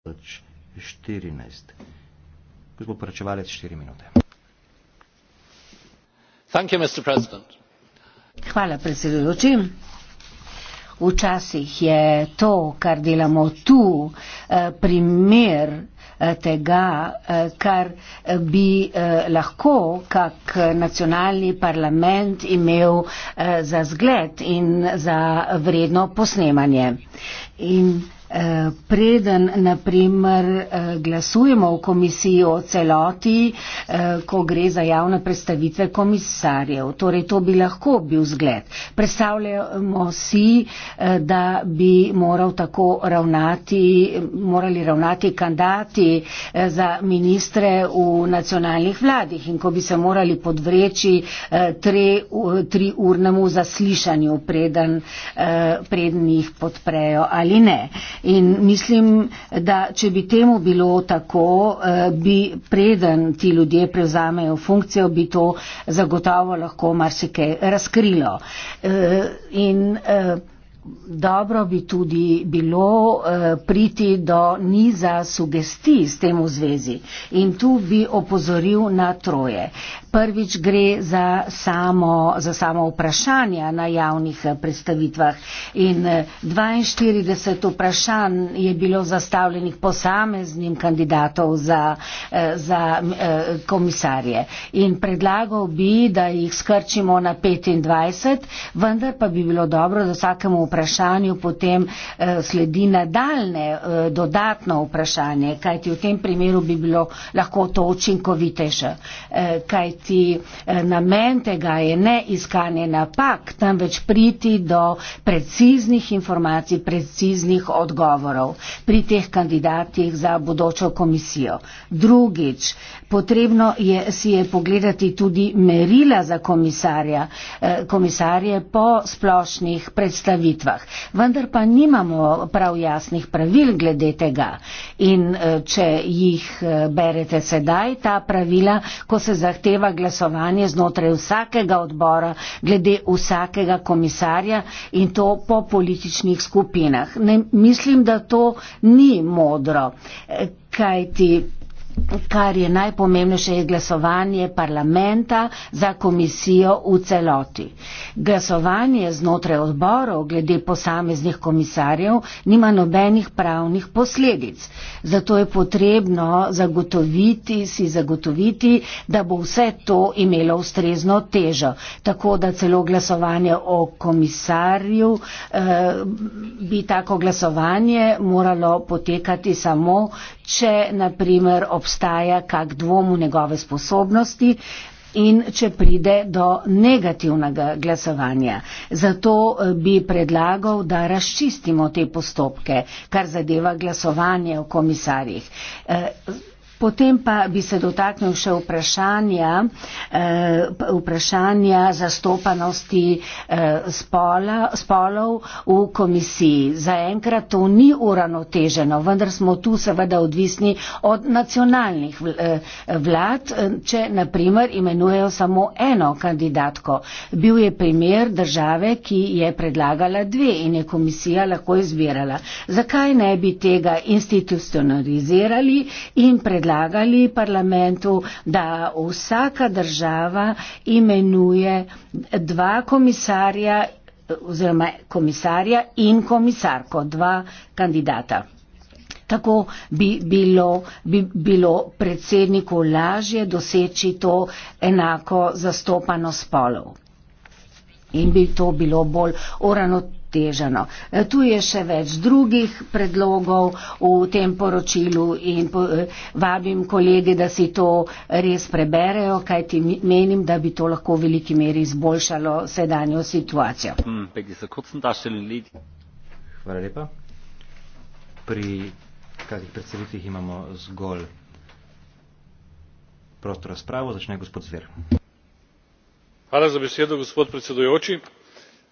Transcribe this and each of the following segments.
2014. Gospod poročevalec, štiri minute. Thank you, Mr. President. Hvala, predsedujoči. Včasih je to, kar delamo tu, eh, primer eh, tega, eh, kar bi lahko kak nacionalni parlament imel za zgled in za vredno posnemanje. In preden naprimer glasujemo v komisiji o celoti, ko gre za javne predstavitve komisarjev. Torej, to bi lahko bil zgled. Predstavljamo si, da bi moral tako ravnati, morali ravnati kandidati za ministre v nacionalnih vladih in ko bi se morali podvreči tri, tri urnemu zaslišanju, preden, preden jih podprejo ali ne. In mislim, da če bi temu bilo tako, eh, bi preden ti ljudje prevzamejo funkcijo, bi to zagotovo lahko marsikaj razkrilo. Eh, in eh, dobro bi tudi bilo priti do niza sugestij s tem v zvezi. In tu bi opozoril na troje prvič gre za samo, za samo vprašanja na javnih eh, predstavitvah in 42 eh, vprašanj je bilo zastavljenih posameznim kandidatov za, eh, za komisarje. In predlagal bi, da jih skrčimo na 25, vendar pa bi bilo dobro, da vsakemu vprašanju potem sledi nadaljne dodatno vprašanje, kajti v tem primeru bi bilo lahko to učinkovitejše. Kajti kajti eh, namen tega je ne iskanje napak, temveč priti do preciznih informacij, preciznih odgovorov pri teh kandidatih za bodočo komisijo. Drugič, potrebno je si je pogledati tudi merila za komisarja, eh, komisarje po splošnih predstavitvah, vendar pa nimamo prav jasnih pravil glede tega. In eh, če jih berete sedaj, ta pravila, ko se zahteva glasovanje znotraj vsakega odbora, glede vsakega komisarja in to po političnih skupinah. Ne, mislim, da to ni modro, eh, kaj ti kar je najpomembnejše, je glasovanje parlamenta za komisijo v celoti. Glasovanje znotraj odborov glede posameznih komisarjev nima nobenih pravnih posledic. Zato je potrebno zagotoviti, si zagotoviti, da bo vse to imelo ustrezno težo. Tako da celo glasovanje o komisarju eh, bi tako glasovanje moralo potekati samo, če naprimer o obstaja kak dvom v njegove sposobnosti in če pride do negativnega glasovanja. Zato eh, bi predlagal, da razčistimo te postopke, kar zadeva glasovanje o komisarjih. E, Potem pa bi se dotaknil še vprašanja, eh, vprašanja zastopanosti eh, spola, spolov v komisiji. Zaenkrat to ni uravnoteženo, vendar smo tu seveda odvisni od nacionalnih eh, vlad, če naprimer imenujejo samo eno kandidatko. Bil je primer države, ki je predlagala dve in je komisija lahko izbirala. Zakaj ne bi tega institucionalizirali in predlagali? predlagali parlamentu, da vsaka država imenuje dva komisarja oziroma komisarja in komisarko, dva kandidata. Tako bi bilo, bi bilo predsedniku lažje doseči to enako zastopano spolov. In bi to bilo bolj uravnoteženo otežano. E, tu je še več drugih predlogov v tem poročilu in e, vabim kolege, da si to res preberejo, kaj ti menim, da bi to lahko v veliki meri izboljšalo sedanjo situacijo. Mm, Hvala lepa. Pri kakih predstavitvih imamo zgolj prostor razpravo, začne gospod Zver. Hvala za besedo, gospod predsedujoči.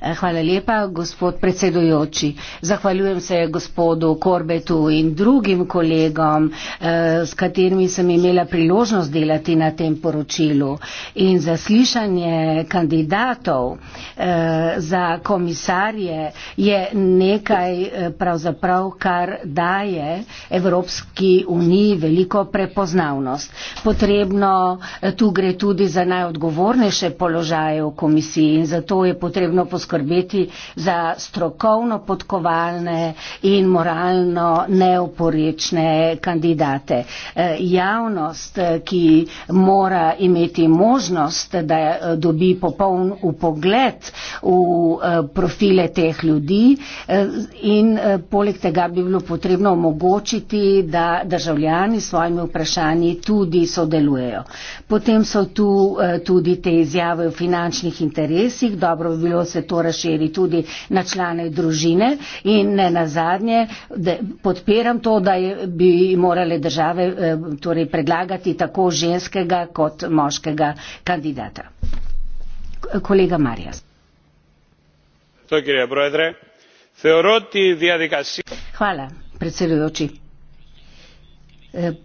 Eh, hvala lepa, gospod predsedujoči. Zahvaljujem se gospodu Korbetu in drugim kolegom, eh, s katerimi sem imela priložnost delati na tem poročilu. In zaslišanje kandidatov eh, za komisarje je nekaj pravzaprav, kar daje Evropski uniji veliko prepoznavnost. Potrebno, tu gre tudi za najodgovornejše položaje v komisiji in zato je potrebno poskrbeti, poskrbeti za strokovno podkovalne in moralno neoporečne kandidate. E, javnost, e, ki mora imeti možnost, da e, dobi popoln upogled v profile teh ljudi in poleg tega bi bilo potrebno omogočiti, da državljani s svojimi vprašanji tudi sodelujejo. Potem so tu tudi te izjave o finančnih interesih, dobro bi bilo se to to razširi tudi na člane družine in ne na zadnje, podpiram to, da bi morale države eh, torej, predlagati tako ženskega kot moškega kandidata. Kolega Marjas. Hvala, predsedujoči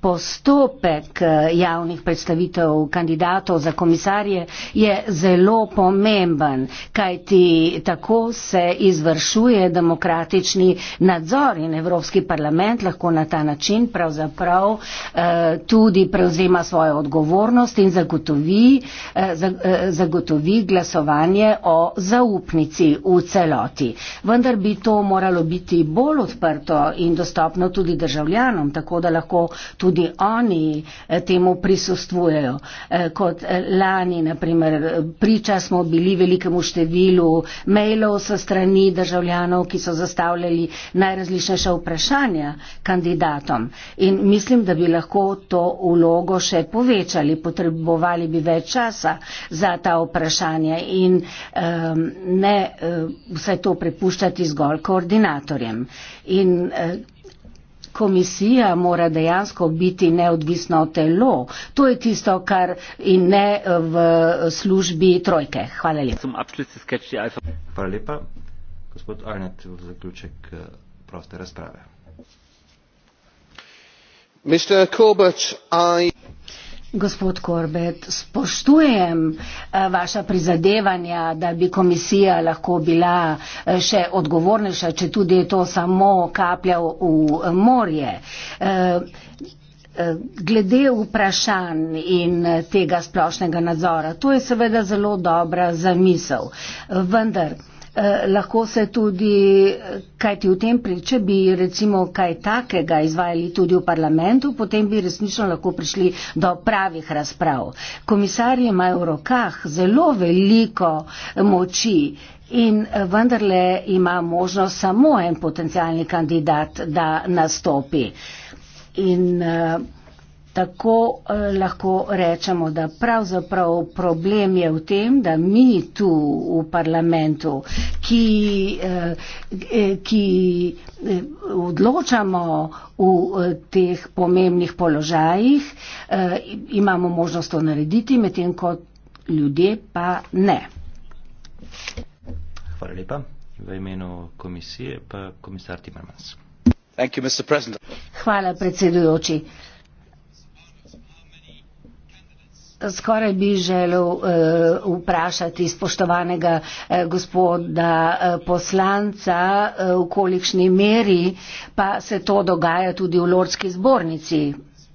postopek eh, javnih predstavitev kandidatov za komisarje je zelo pomemben, kajti tako se izvršuje demokratični nadzor in Evropski parlament lahko na ta način pravzaprav eh, tudi prevzema svojo odgovornost in zagotovi, eh, zagotovi glasovanje o zaupnici v celoti. Vendar bi to moralo biti bolj odprto in dostopno tudi državljanom, tako da lahko tudi oni eh, temu prisustvujejo. Eh, kot eh, lani, naprimer, priča smo bili velikemu številu mailov sa strani državljanov, ki so zastavljali najrazličnejša vprašanja kandidatom. In mislim, da bi lahko to ulogo še povečali, potrebovali bi več časa za ta vprašanja in um, ne um, vse to prepuščati zgolj koordinatorjem. In, um, komisija mora dejansko biti neodvisno telo. To je tisto, kar in ne eh, v službi trojke. Hvala lepa. Hvala lepa. Gospod Arnet, v zaključek eh, proste razprave. Mr. Corbett, I... Gospod Korbet, spoštujem eh, vaša prizadevanja, da bi komisija lahko bila eh, še odgovornejša, če tudi je to samo kaplja v eh, morje. Glede vprašanj in tega splošnega nadzora, to je seveda zelo dobra zamisel. Vendar, Eh, lahko se tudi, kaj ti v tem priče, bi recimo kaj takega izvajali tudi v parlamentu, potem bi resnično lahko prišli do pravih razprav. Komisarji imajo v rokah zelo veliko eh, moči. In eh, vendarle ima možnost samo en potencijalni kandidat, da nastopi. In, uh... Tako eh, lahko rečemo, da pravzaprav problem je v tem, da mi tu v parlamentu, ki, eh, eh, ki eh, odločamo v eh, teh pomembnih položajih, eh, imamo možnost to narediti, medtem ko ljudje pa ne. Hvala lepa. V imenu komisije pa komisar Timmermans. Hvala predsedujoči. Skoraj bi želel uh, vprašati spoštovanega uh, gospoda uh, poslanca, uh, v kolikšni meri pa se to dogaja tudi v Lordski zbornici.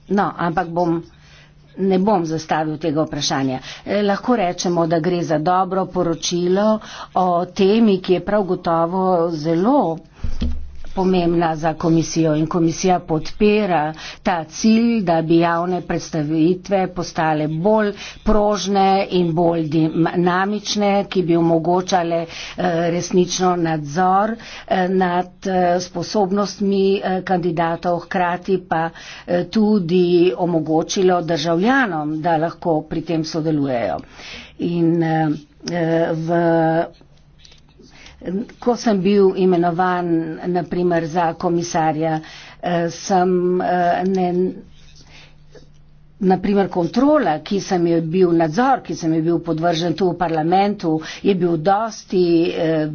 No, ampak bom, ne bom zastavil tega vprašanja. Eh, lahko rečemo, da gre za dobro poročilo o temi, ki je prav gotovo zelo pomembna za komisijo in komisija podpira ta cilj, da bi javne predstavitve postale bolj prožne in bolj dinamične, ki bi omogočale eh, resnično nadzor eh, nad eh, sposobnostmi kandidatov, hkrati pa tudi omogočilo državljanom, da lahko pri tem sodelujejo. In v Ko sem bil imenovan, naprimer, za komisarja, eh, sem eh, ne, naprimer kontrola, ki sem jo bil nadzor, ki sem jo bil podvržen tu v parlamentu, je bil dosti, eh,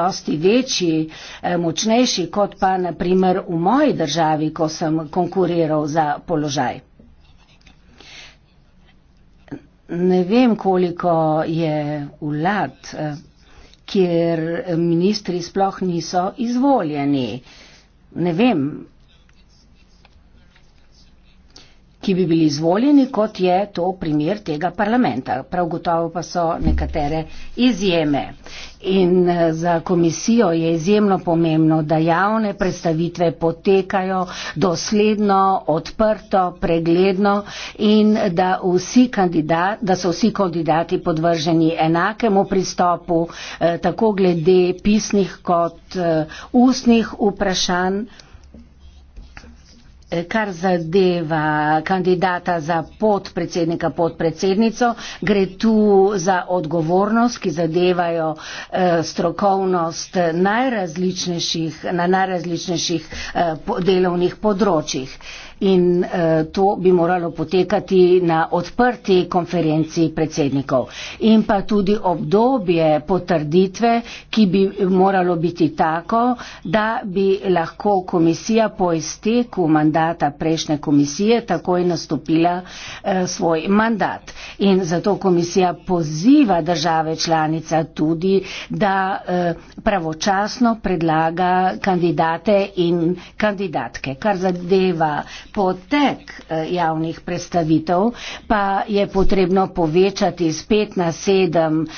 dosti večji, močnejši kot pa naprimer v moji državi, ko sem konkuriral za položaj. Ne vem, koliko je vlad kjer ministri sploh niso izvoljeni. Ne vem, ki bi bili izvoljeni, kot je to primer tega parlamenta. Prav gotovo pa so nekatere izjeme. In eh, za komisijo je izjemno pomembno, da javne predstavitve potekajo dosledno, odprto, pregledno in da, kandidat, da so vsi kandidati podvrženi enakemu pristopu, eh, tako glede pisnih kot eh, ustnih vprašanj kar zadeva kandidata za podpredsednika, podpredsednico, gre tu za odgovornost, ki zadevajo eh, strokovnost najrazličnejših, na najrazličnejših eh, delovnih področjih in uh, to bi moralo potekati na odprti konferenci predsednikov. In pa tudi obdobje potrditve, ki bi moralo biti tako, da bi lahko komisija po izteku mandata prejšnje komisije takoj nastopila uh, svoj mandat. In zato komisija poziva države članica tudi, da uh, pravočasno predlaga kandidate in kandidatke, kar zadeva potek eh, javnih predstavitev pa je potrebno povečati z 5 na 7,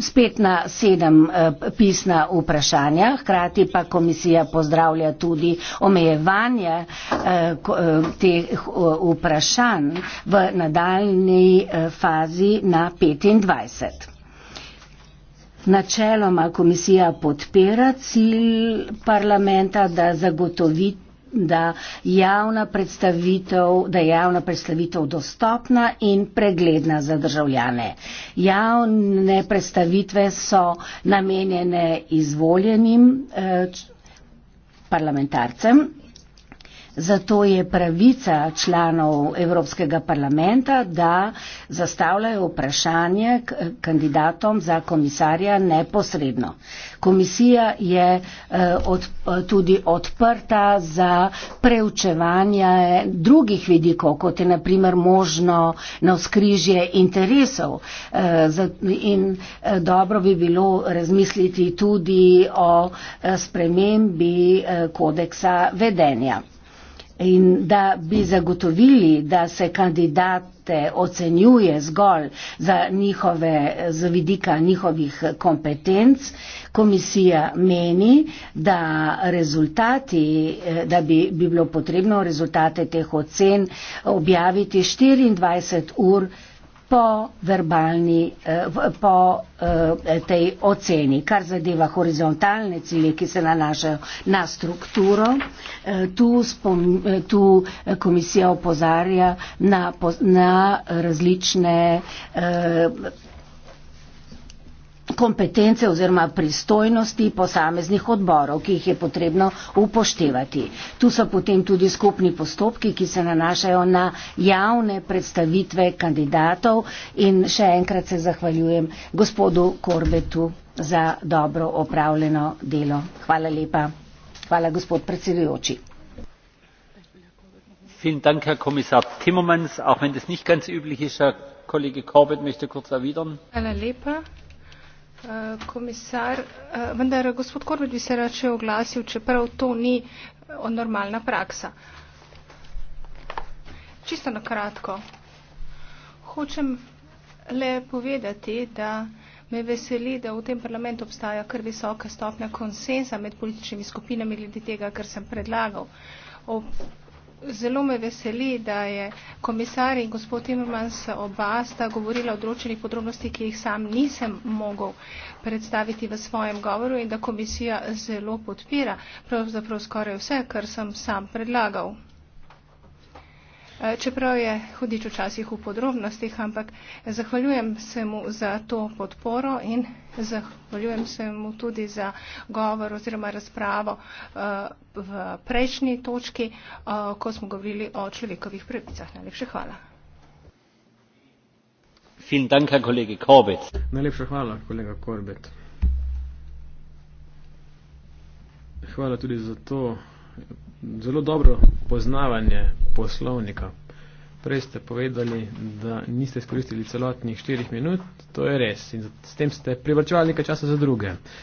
z 5 na 7 eh, pisna vprašanja. Hkrati pa komisija pozdravlja tudi omejevanje eh, teh vprašanj v nadaljni fazi na 25. Načeloma komisija podpira cilj parlamenta, da zagotoviti da, javna da je javna predstavitev dostopna in pregledna za državljane. Javne predstavitve so namenjene izvoljenim eh, parlamentarcem Zato je pravica članov Evropskega parlamenta, da zastavljajo vprašanje kandidatom za komisarja neposredno. Komisija je eh, od, eh, tudi odprta za preučevanje drugih vidikov, kot je naprimer možno na skrižje interesov. Eh, in dobro bi bilo razmisliti tudi o spremembi kodeksa vedenja. In da bi zagotovili, da se kandidate ocenjuje zgolj za njihove, z vidika njihovih kompetenc, komisija meni, da, eh, da bi, bi bilo potrebno rezultate teh ocen objaviti 24 ur po, verbalni, eh, po eh, tej oceni, kar zadeva horizontalne cilje, ki se nanašajo na strukturo. Eh, tu, spom, tu komisija opozarja na, na različne kompetence oziroma pristojnosti posameznih odborov, ki jih je potrebno upoštevati. Tu so potem tudi skupni postopki, ki se nanašajo na javne predstavitve kandidatov in še enkrat se zahvaljujem gospodu Korbetu za dobro opravljeno delo. Hvala lepa. Hvala gospod predsedujoči. Vielen Dank, Herr Kommissar Timmermans. Auch wenn das nicht ganz üblich ist, Herr Kollege Corbett möchte kurz erwidern. Hvala lepa. Eh, komisar, eh, vendar gospod Korbet bi se rače oglasil, čeprav to ni eh, normalna praksa. Čisto na kratko. Hočem le povedati, da me veseli, da v tem parlamentu obstaja kar visoka stopnja konsenza med političnimi skupinami glede tega, kar sem predlagal. Ob Zelo me veseli, da je komisar in gospod Timmermans oba sta govorila o določenih podrobnostih, ki jih sam nisem mogel predstaviti v svojem govoru in da komisija zelo podpira pravzaprav skoraj vse, kar sem sam predlagal. Eh, čeprav je hudič včasih v podrobnostih, ampak zahvaljujem se mu za to podporo in zahvaljujem se mu tudi za govor oziroma razpravo eh, v prejšnji točki, eh, ko smo govorili o človekovih pravicah. Najlepše hvala. Danka, Najlepša hvala, kolega Korbet. Hvala tudi za to zelo dobro poznavanje poslovnika. Prej ste povedali, da niste izkoristili celotnih štirih minut, to je res. In s tem ste privrčevali nekaj časa za druge.